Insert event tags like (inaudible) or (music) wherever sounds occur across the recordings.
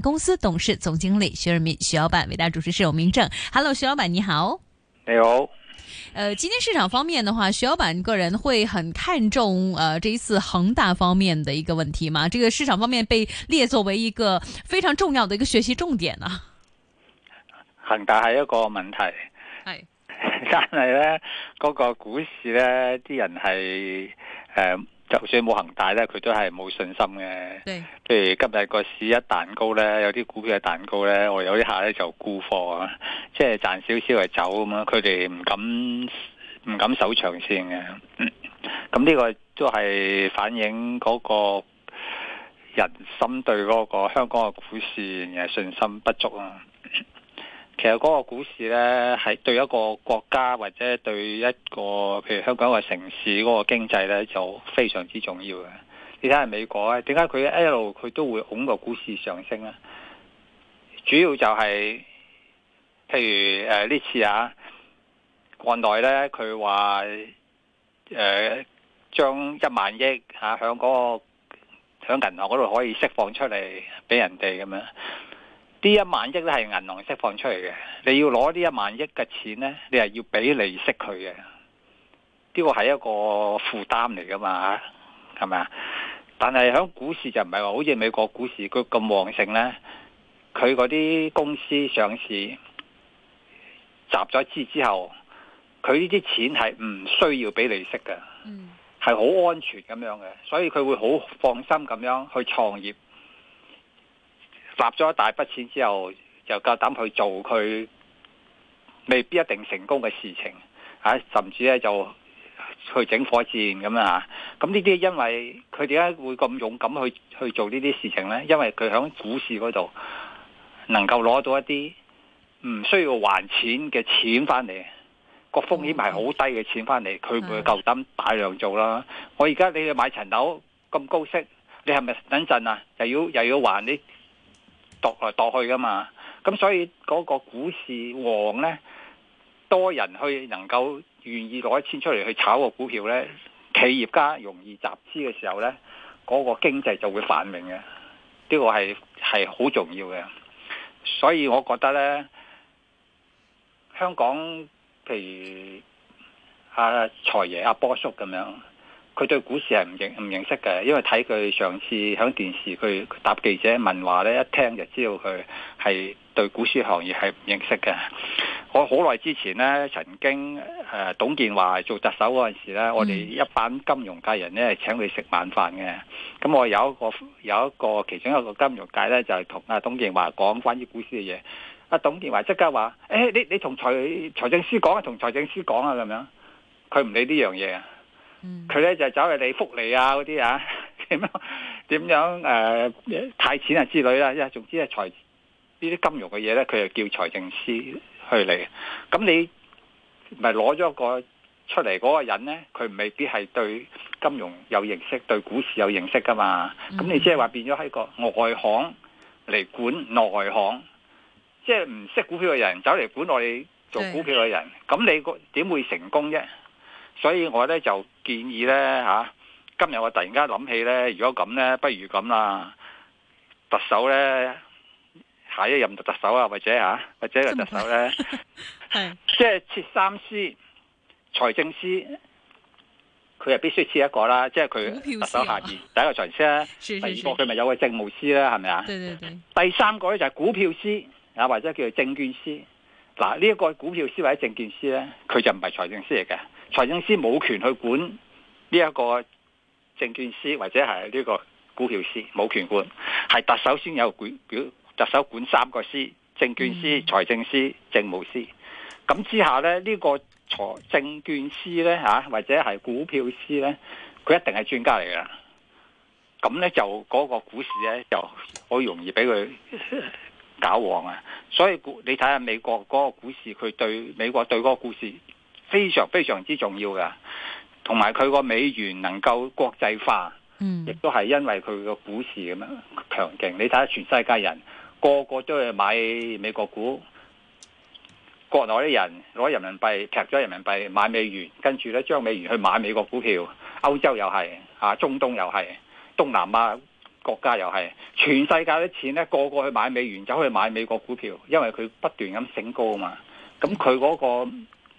公司董事總經理徐潤民，徐老闆，偉大主持人有明正，Hello，徐老闆你好，你好，你好呃，今天市場方面的話，徐老闆個人會很看重，呃，這一次恒大方面的一個問題嘛，這個市場方面被列作為一個非常重要的一個學習重點啦、啊。恒大係一個問題，係是， (laughs) 但係呢嗰、那個股市呢啲人係誒。呃就算冇恒大呢，佢都係冇信心嘅。譬的如今日個市一彈高呢，有啲股票嘅彈高呢，我有一下呢就沽貨，即係賺少少嚟走咁啊！佢哋唔敢唔敢守長線嘅。嗯，咁呢個都係反映嗰個人心對嗰個香港嘅股市嘅信心不足啊。其實嗰個股市咧，係對一個國家或者對一個譬如香港一個城市嗰個經濟咧，就非常之重要嘅。你睇下美國咧，點解佢一路佢都會拱個股市上升咧？主要就係、是、譬如誒呢、呃、次啊，國內咧佢話誒將一萬億吓響嗰個響銀行嗰度可以釋放出嚟俾人哋咁樣。呢一萬億咧係銀行釋放出嚟嘅，你要攞呢一萬億嘅錢咧，你係要俾利息佢嘅，呢個係一個負擔嚟噶嘛，係咪啊？但係喺股市就唔係話好似美國股市佢咁旺盛咧，佢嗰啲公司上市集咗資之後，佢呢啲錢係唔需要俾利息嘅，係好安全咁樣嘅，所以佢會好放心咁樣去創業。納咗一大筆錢之後，就夠膽去做佢未必一定成功嘅事情，吓、啊、甚至咧就去整火箭咁啊！咁呢啲因為佢點解會咁勇敢去去做呢啲事情呢，因為佢喺股市嗰度能夠攞到一啲唔需要還錢嘅錢翻嚟，個風險係好低嘅錢翻嚟，佢會夠膽大量做啦。我而家你要買層樓咁高息，你係咪等陣啊？又要又要還啲？度來度去噶嘛，咁所以嗰個股市旺呢，多人去能夠願意攞一千出嚟去炒個股票呢，企業家容易集資嘅時候呢，嗰個經濟就會繁榮嘅，呢個係係好重要嘅，所以我覺得呢，香港譬如阿財爺阿波叔咁樣。佢對股市係唔認唔認識嘅，因為睇佢上次響電視佢答記者問話咧，一聽就知道佢係對股市行業係唔認識嘅。我好耐之前咧，曾經誒董建華做特首嗰陣時咧，我哋一班金融界人咧係請佢食晚飯嘅。咁我有一個有一個其中一個金融界咧就係同阿董建華講關於股市嘅嘢。阿董建華即刻話：，誒、欸、你你同財財政司講啊，同財政司講啊咁樣。佢唔理呢樣嘢啊。佢咧、嗯、就走、是、嚟你福利啊嗰啲啊，點樣點樣誒，貸、呃、錢啊之類啦、啊，一係總之係財呢啲金融嘅嘢咧，佢就叫財政司去嚟。咁你咪攞咗個出嚟嗰個人咧，佢未必係對金融有認識，對股市有認識噶嘛？咁你即係話變咗喺個外行嚟管內行，即係唔識股票嘅人走嚟管我哋做股票嘅人，咁的你個點會成功啫？所以我咧就建議咧嚇、啊，今日我突然間諗起咧，如果咁咧，不如咁啦，特首咧下一任特首啊，或者嚇，或者個特首咧，係即係設三司，財政司，佢係必須設一個啦，即係佢特首下邊、啊、第一個財政司啦， (laughs) 第二個佢咪有個政務司啦，係咪啊？第三個咧就係股票司，啊，或者叫做證券司。嗱、啊，呢、這、一個股票司或者證券司咧，佢就唔係財政司嚟嘅。啊啊財政司冇權去管呢一個證券司或者係呢個股票司，冇權管，係特首先有管，特首管三個司：證券司、財政司、政務司。咁之下呢，呢、呢個財證券司呢，吓，或者係股票司呢，佢一定係專家嚟噶。咁呢，就嗰個股市呢，就好容易俾佢搞黃啊！所以你睇下美國嗰個股市，佢對美國對嗰個股市，非常非常之重要嘅，同埋佢個美元能夠國際化，亦都係因為佢個股市咁樣強勁。你睇下全世界人個個都去買美國股，國內啲人攞人民幣劈咗人民幣買美元，跟住咧將美元去買美國股票。歐洲又係，啊中東又係，東南亞國家又係，全世界啲錢咧個個去買美元，走去買美國股票，因為佢不斷咁升高啊嘛。咁佢嗰個。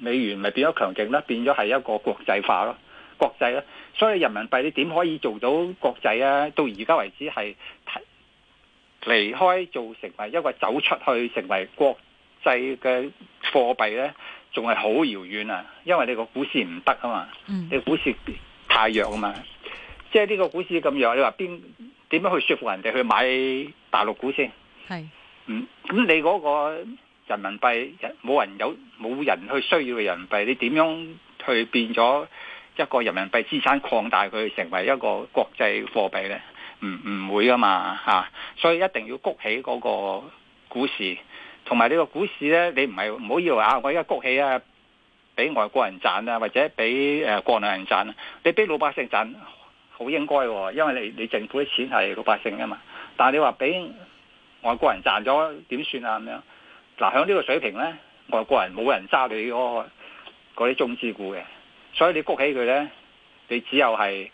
美元咪變咗強勁啦，變咗係一個國際化咯，國際咧。所以人民幣你點可以做到國際咧、啊？到而家為止係離開做成為一個走出去成為國際嘅貨幣呢，仲係好遙遠啊！因為你，股你股、就是、個股市唔得啊嘛，你股市太弱啊嘛。即係呢個股市咁弱，你話邊點樣去說服人哋去買大陸股先？係是，嗯，咁你嗰、那個。人民幣冇人有冇人去需要嘅人民幣，你點樣去變咗一個人民幣資產擴大佢成為一個國際貨幣呢？唔唔會噶嘛吓、啊，所以一定要谷起嗰個股市，同埋呢個股市呢，你唔係唔好以為啊，我而家谷起啊，俾外國人賺啊，或者俾誒、呃、國內人賺，你俾老百姓賺好應該、哦，因為你你政府啲錢係老百姓噶嘛，但係你話俾外國人賺咗點算啊？咁樣。嗱，喺呢、啊、個水平咧，外國人冇人揸你嗰啲中資股嘅，所以你谷起佢咧，你只有係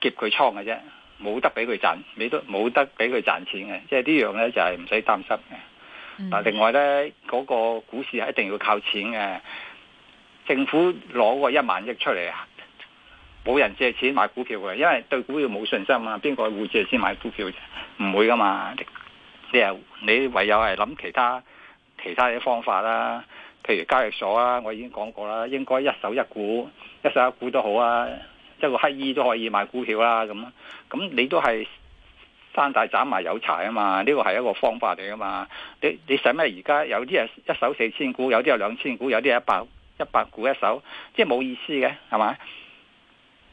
劫佢倉嘅啫，冇得俾佢賺，你都冇得俾佢賺錢嘅，即係呢樣咧就係唔使擔心嘅。但、啊、另外咧，嗰、那個股市係一定要靠錢嘅，政府攞個一萬億出嚟，冇人借錢買股票嘅，因為對股票冇信心啊，邊個會借錢買股票？唔會噶嘛，你你你唯有係諗其他。其他嘅方法啦，譬如交易所啊，我已經講過啦，應該一手一股，一手一股都好啊，一個乞衣都可以買股票啦，咁咁你都係山大斬埋有柴啊嘛，呢個係一個方法嚟噶嘛，你你使咩，而家有啲係一手四千股，有啲係兩千股，有啲一百一百股一手，即係冇意思嘅，係嘛？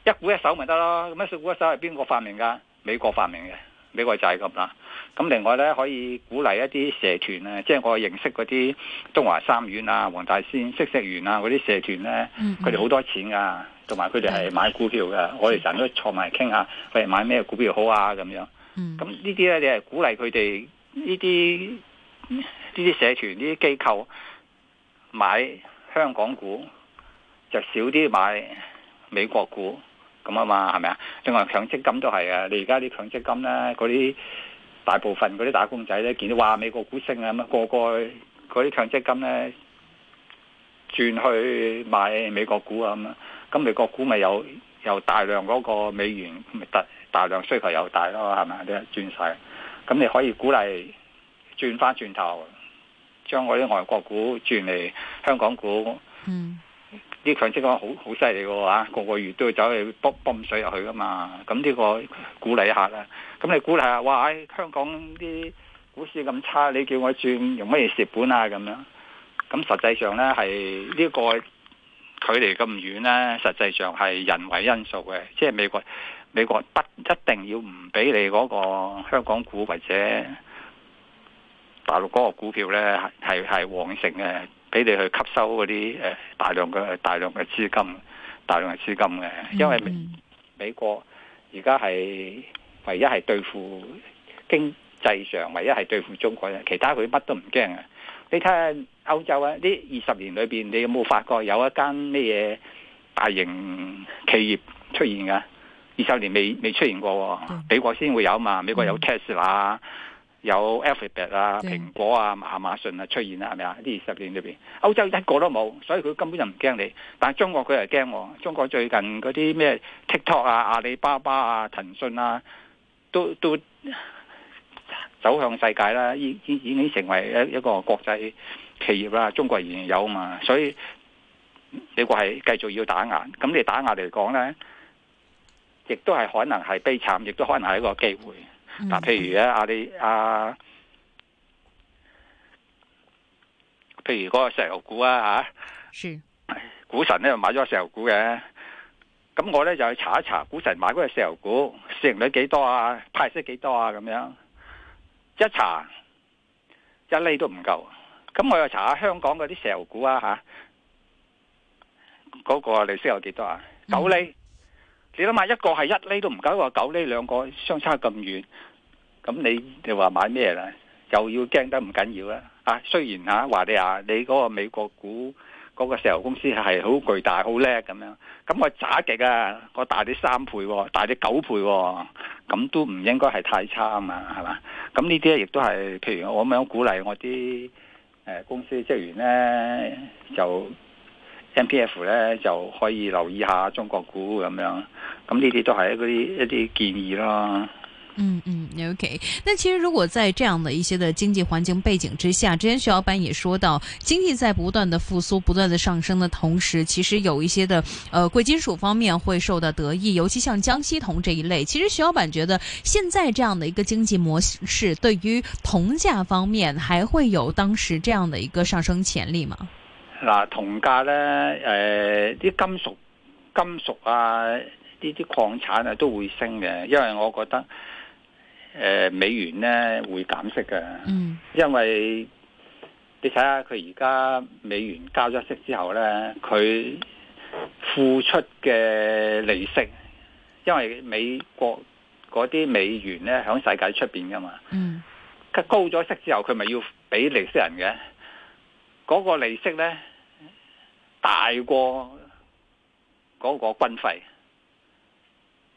一股一手咪得咯，咁一股一手係邊個發明噶？美國發明嘅，美國就係咁啦。咁另外咧，可以鼓勵一啲社團啊，即係我認識嗰啲東華三院啊、黃大仙、嗇色園啊嗰啲社團咧，佢哋好多錢噶，同埋佢哋係買股票噶，嗯嗯我哋成日都坐埋傾下，喂買咩股票好啊咁樣。咁、嗯、呢啲咧，你係鼓勵佢哋呢啲呢啲社團、呢啲機構買香港股，就少啲買美國股咁啊嘛，係咪啊？另外強積金都係啊，你而家啲強積金咧嗰啲。大部分嗰啲打工仔咧，見到話美國股升啊，咁個個嗰啲強積金咧轉去買美國股啊，咁美國股咪有有大量嗰個美元，大大量需求又大咯，係咪？啲轉晒。咁你可以鼓勵轉翻轉頭，將嗰啲外國股轉嚟香港股。嗯，啲強積金好好犀利嘅喎，啊，個個月都要走去泵泵水入去㗎嘛，咁呢個鼓勵一下啦。咁你估下話，香港啲股市咁差，你叫我轉，用乜嘢蝕本啊？咁樣咁實際上呢，係呢個距離咁遠呢，實際上係人為因素嘅。即係美國美國不一定要唔俾你嗰個香港股或者大陸嗰個股票呢，係係旺盛嘅，俾你去吸收嗰啲誒大量嘅大量嘅資金，大量嘅資金嘅，因為美，美國而家係。唯一係對付經濟上，唯一係對付中國人，其他佢乜都唔驚啊！你睇下歐洲啊，呢二十年裏邊，你有冇發覺有一間咩嘢大型企業出現㗎？二十年未未出現過，啊，美國先會有啊嘛！美國有 Tesla、有 Alphabet 啊、蘋果啊、亞馬遜啊出現啦，係咪啊？呢二十年裏邊，歐洲一個都冇，所以佢根本就唔驚你。但係中國佢係驚喎，中國最近嗰啲咩 TikTok 啊、阿里巴巴啊、騰訊啊。都都走向世界啦，已已已經成為一一個國際企業啦。中國仍然有嘛，所以美國係繼續要打壓。咁你打壓嚟講咧，亦都係可能係悲慘，亦都可能係一個機會。嗱，譬如咧，阿你阿，譬如嗰個石油股啊，吓，是股神咧，買咗石油股嘅。咁我咧就去查一查，股神買嗰個石油股市盈率幾多啊？派息幾多啊？咁樣一查一厘都唔夠，咁我又查下香港嗰啲石油股啊吓，嗰個利息有幾多啊？九、那個啊、厘，嗯、你諗下一個係一厘都唔夠，一個九厘，兩個相差咁遠，咁你你話買咩啦？又要驚得唔緊要啦、啊？啊，雖然吓華爾街你嗰個美國股。嗰個石油公司係好巨大、好叻咁樣，咁我揸極啊，我大啲三倍、哦，大啲九倍、哦，咁都唔應該係太差啊嘛，係嘛？咁呢啲咧亦都係，譬如我咁樣鼓勵我啲誒、呃、公司職員咧，就 MPF 咧就可以留意下中國股咁樣，咁呢啲都係一啲一啲建議咯。嗯嗯，OK。那其實如果在這樣的一些的經濟環境背景之下，之前徐老闆也說到，經濟在不斷的復蘇、不斷的上升的同時，其實有一些的，呃，貴金屬方面會受到得益，尤其像江西銅這一類。其實徐老闆覺得，現在這樣的一個經濟模式，對於銅價方面，還會有當時這樣的一個上升潛力嗎？嗱，銅價呢？呃，啲金屬、金屬啊，呢啲礦產啊都會升嘅，因為我覺得。誒、呃，美元咧會減息嘅，嗯、因為你睇下佢而家美元加咗息之後咧，佢付出嘅利息，因為美國嗰啲美元咧喺世界出邊噶嘛，佢、嗯、高咗息之後，佢咪要俾利息人嘅，嗰、嗰個利息咧大過嗰個軍費，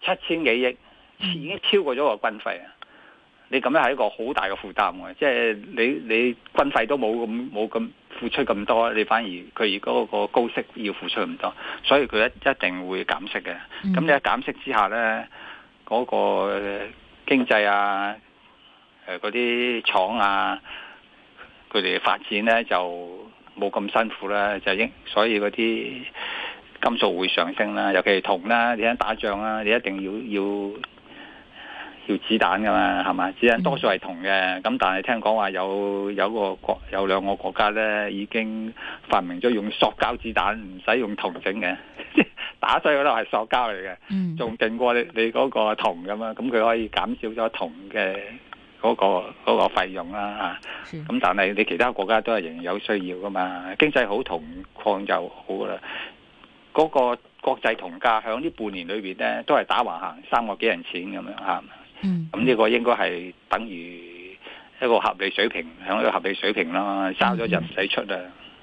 七千幾億已經超過咗個軍費啊！嗯嗯你咁樣係一個好大嘅負擔嘅，即係你你軍費都冇咁冇咁付出咁多，你反而佢而嗰個高息要付出咁多，所以佢一一定會減息嘅。咁你喺減息之下咧，嗰個經濟啊，誒嗰啲廠啊，佢哋發展咧就冇咁辛苦啦，就應所以嗰啲金屬會上升啦，尤其係銅啦，你睇打仗啊，你一定要要。要子彈噶嘛，係嘛？子彈多數係銅嘅，咁但係聽講話有有個國有兩個國家咧，已經發明咗用塑膠子彈，唔使用，用銅整嘅，即 (laughs) 係打碎嗰度係塑膠嚟嘅，仲勁過你你嗰個銅咁啊！咁佢可以減少咗銅嘅嗰個嗰個費用啦。咁但係你其他國家都係仍然有需要噶嘛？經濟好銅礦就好噶啦。嗰個國際銅價響呢半年裏邊咧，都係打橫行，三個幾人錢咁樣吓。咁呢、嗯、個應該係等於一個合理水平，向一個合理水平啦，收咗入唔使出啊！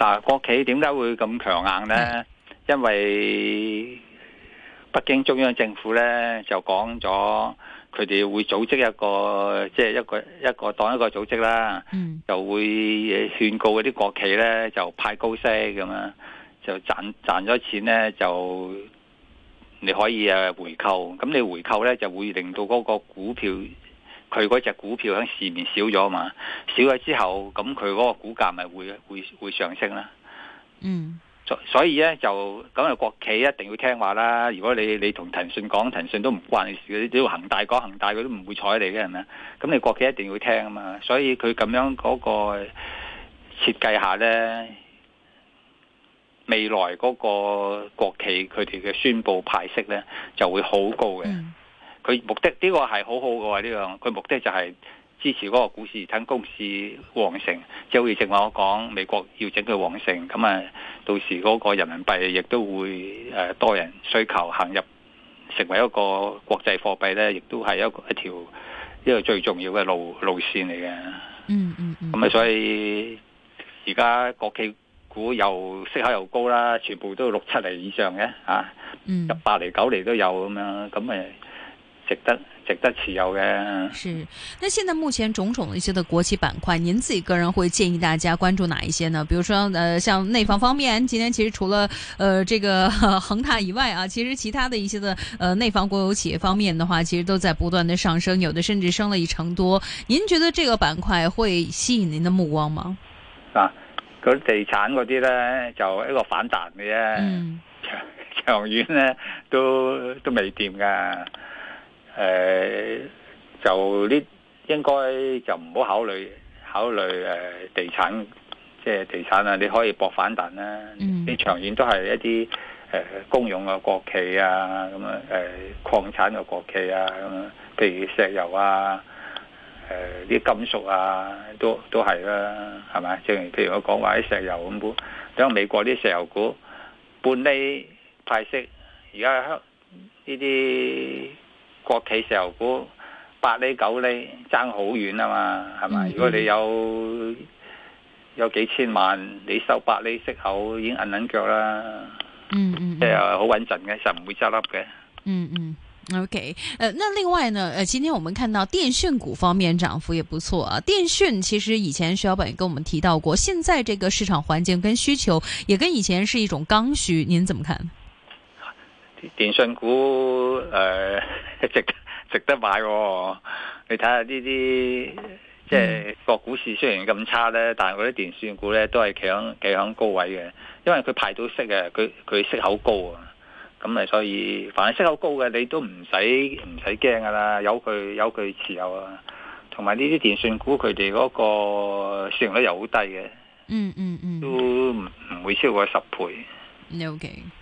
嗱，國企點解會咁強硬呢？因為北京中央政府呢，就講咗，佢哋會組織一個，即係一個一個黨一個組織啦，嗯，就會勸告嗰啲國企呢，就派高息咁啊，就賺賺咗錢呢，就你可以啊回購，咁你回購呢，就會令到嗰個股票。佢嗰隻股票喺市面少咗嘛？少咗之後，咁佢嗰個股價咪會會會上升啦。嗯，so, 所以咧就咁啊，國企一定要聽話啦。如果你你同騰訊講，騰訊都唔關你事，你要恒大講恒大，佢都唔會睬你嘅人啊。咁你國企一定要聽啊嘛。所以佢咁樣嗰個設計下咧，未來嗰個國企佢哋嘅宣佈派息咧就會好高嘅。嗯佢目的呢個係好好嘅呢樣，佢目的就係支持嗰個股市，等股市旺盛。即係好似正話我講，美國要整佢旺盛，咁啊，到時嗰個人民幣亦都會誒多人需求行入，成為一個國際貨幣咧，亦都係一個一條呢個最重要嘅路路線嚟嘅。嗯嗯咁啊，所以而家國企股又息口又高啦，全部都六七厘以上嘅啊，八厘九厘都有咁樣，咁咪。值得值得持有嘅，是。那現在目前種種的一些的國企板塊，您自己個人會建議大家關注哪一些呢？比如說，呃，像內房方，方面，今天其實除了，呃，這個、啊、恒大以外，啊，其實其他的一些的，呃，內房國有企業方面的話，其實都在不斷的上升，有的甚至升了一成多。您覺得這個板塊會吸引您的目光嗎？嗱、啊，嗰地產嗰啲呢，就一個反彈嘅啫、嗯，長長遠咧都都未掂㗎。誒、呃，就呢應該就唔好考慮考慮誒、呃、地產，即係地產啊，你可以搏反彈啦、啊。你、嗯、長遠都係一啲誒、呃、公用嘅國企啊，咁樣誒礦產嘅國企啊，咁樣，譬如石油啊，誒、呃、啲金屬啊，都都係啦、啊，係咪？即係譬如我講話啲石油咁，股、嗯，當美國啲石油股半厘派息，而家香呢啲。國企石油股八厘九厘爭好遠啊嘛，係咪？嗯嗯，如果你有有幾千萬，你收八厘息口已經揞揞腳啦。嗯，嗯嗯，即係好穩陣嘅時候唔會執笠嘅。嗯嗯，OK，誒、呃，那另外呢？誒、呃，今天我們看到電訊股方面漲幅也不錯啊。電訊其實以前徐老闆也跟我們提到過，現在這個市場環境跟需求，也跟以前是一種剛需。您怎麼看？電信股誒、呃，值值得買，哦。 (laughs) 你睇下呢啲，即係個股市雖然咁差咧，但係嗰啲電信股咧都係企喺企喺高位嘅。因為佢排到息嘅，佢佢息口高啊。咁咪所以，反正息口高嘅，你都唔使唔使驚噶啦。有佢有佢持有啊。同埋呢啲電信股，佢哋嗰個市盈率又好低嘅。嗯嗯嗯。都唔會超過十倍。O K、mm, mm, mm, mm。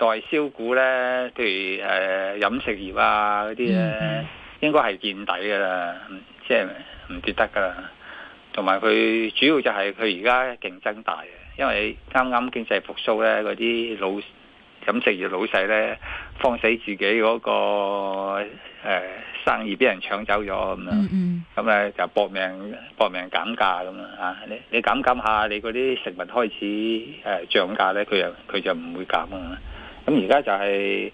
代銷股咧，譬如誒、呃、飲食業啊嗰啲咧，呢 mm hmm. 應該係見底噶啦，即係唔跌得噶。同埋佢主要就係佢而家競爭大啊，因為啱啱經濟復甦咧，嗰啲老飲食業老細咧，放死自己嗰、嗰個、呃、生意俾人搶走咗咁樣，咁咧、mm hmm. 就搏命搏命減價咁啊！你你減減下，你嗰啲食物開始誒漲價咧，佢又佢就唔會減啊。咁而家就係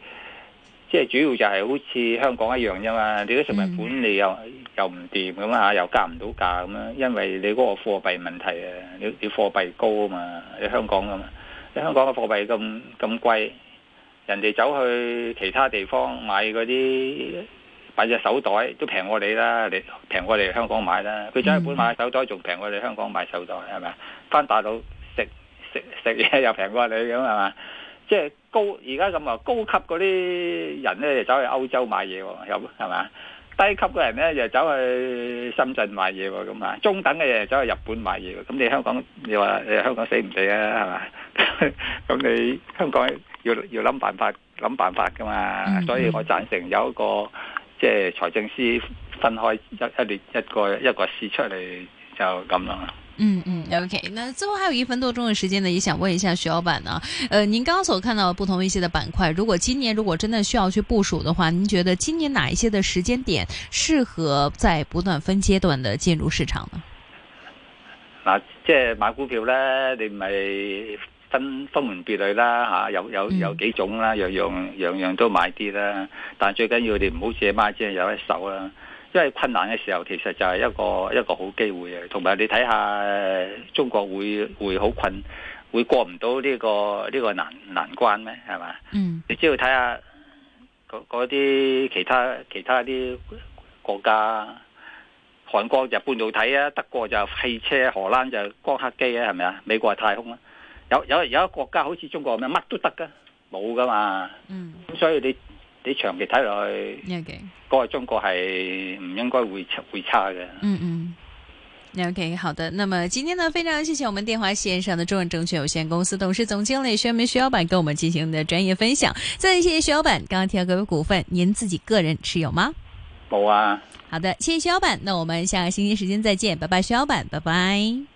即係主要就係好似香港一樣啫嘛，你啲食物管理又、嗯、又唔掂咁啊，又加唔到價咁啦，因為你嗰個貨幣問題啊，你你貨幣高啊嘛，你香港咁，你香港嘅貨幣咁咁貴，人哋走去其他地方買嗰啲買隻手袋都平過你啦，你平過你香港買啦，佢走日本買手袋仲平過你香港買手袋，係咪啊？翻大陸食食食嘢又平過你咁係嘛？即係高而家咁啊，高級嗰啲人咧就走去歐洲買嘢喎，有係嘛？低級嘅人咧就走去深圳買嘢喎，咁啊，中等嘅人又走去日本買嘢喎，咁你香港你話誒香港死唔死啊？係嘛？咁 (laughs) 你香港要要諗辦法，諗辦法㗎嘛，mm hmm. 所以我贊成有一個即係財政司分開一一列一個一個事出嚟就咁啦。嗯嗯，OK，那最後還有一分多鐘嘅時間呢，也想問一下徐老闆啊，呃，您剛剛所看到不同一些的板塊，如果今年如果真的需要去部署的話，您覺得今年哪一些的時間點適合在不斷分階段的進入市場呢？嗱、嗯，即係買股票咧，你唔係分分門別類啦吓，有有有幾種啦，樣樣樣樣都買啲啦，但最緊要你唔好借買，即係有一手啦，啊。因為困難嘅時候，其實就係一個一個好機會嘅，同埋你睇下中國會會好困，會過唔到呢個呢個難難關咩？係嘛？嗯，你只要睇下嗰啲其他其他啲國家，韓國就半導體啊，德國就汽車，荷蘭就光刻機啊，係咪啊？美國係太空啦，有有有一國家好似中國咁樣，乜都得噶，冇噶嘛。嗯，咁所以你。你長期睇落去，OK，嗰中國係唔應該會差會差嘅。嗯嗯，OK，好的。那麼今天呢，非常謝謝我們電話線上的中原證券有限公司董事總經理徐潤民徐老闆，跟我們進行的專業分享。再次謝謝徐老板。剛剛提到嘅股份，您自己個人持有嗎？冇啊。好的，謝謝徐老闆。那我們下個星期時間再見，拜拜，徐老闆，拜拜。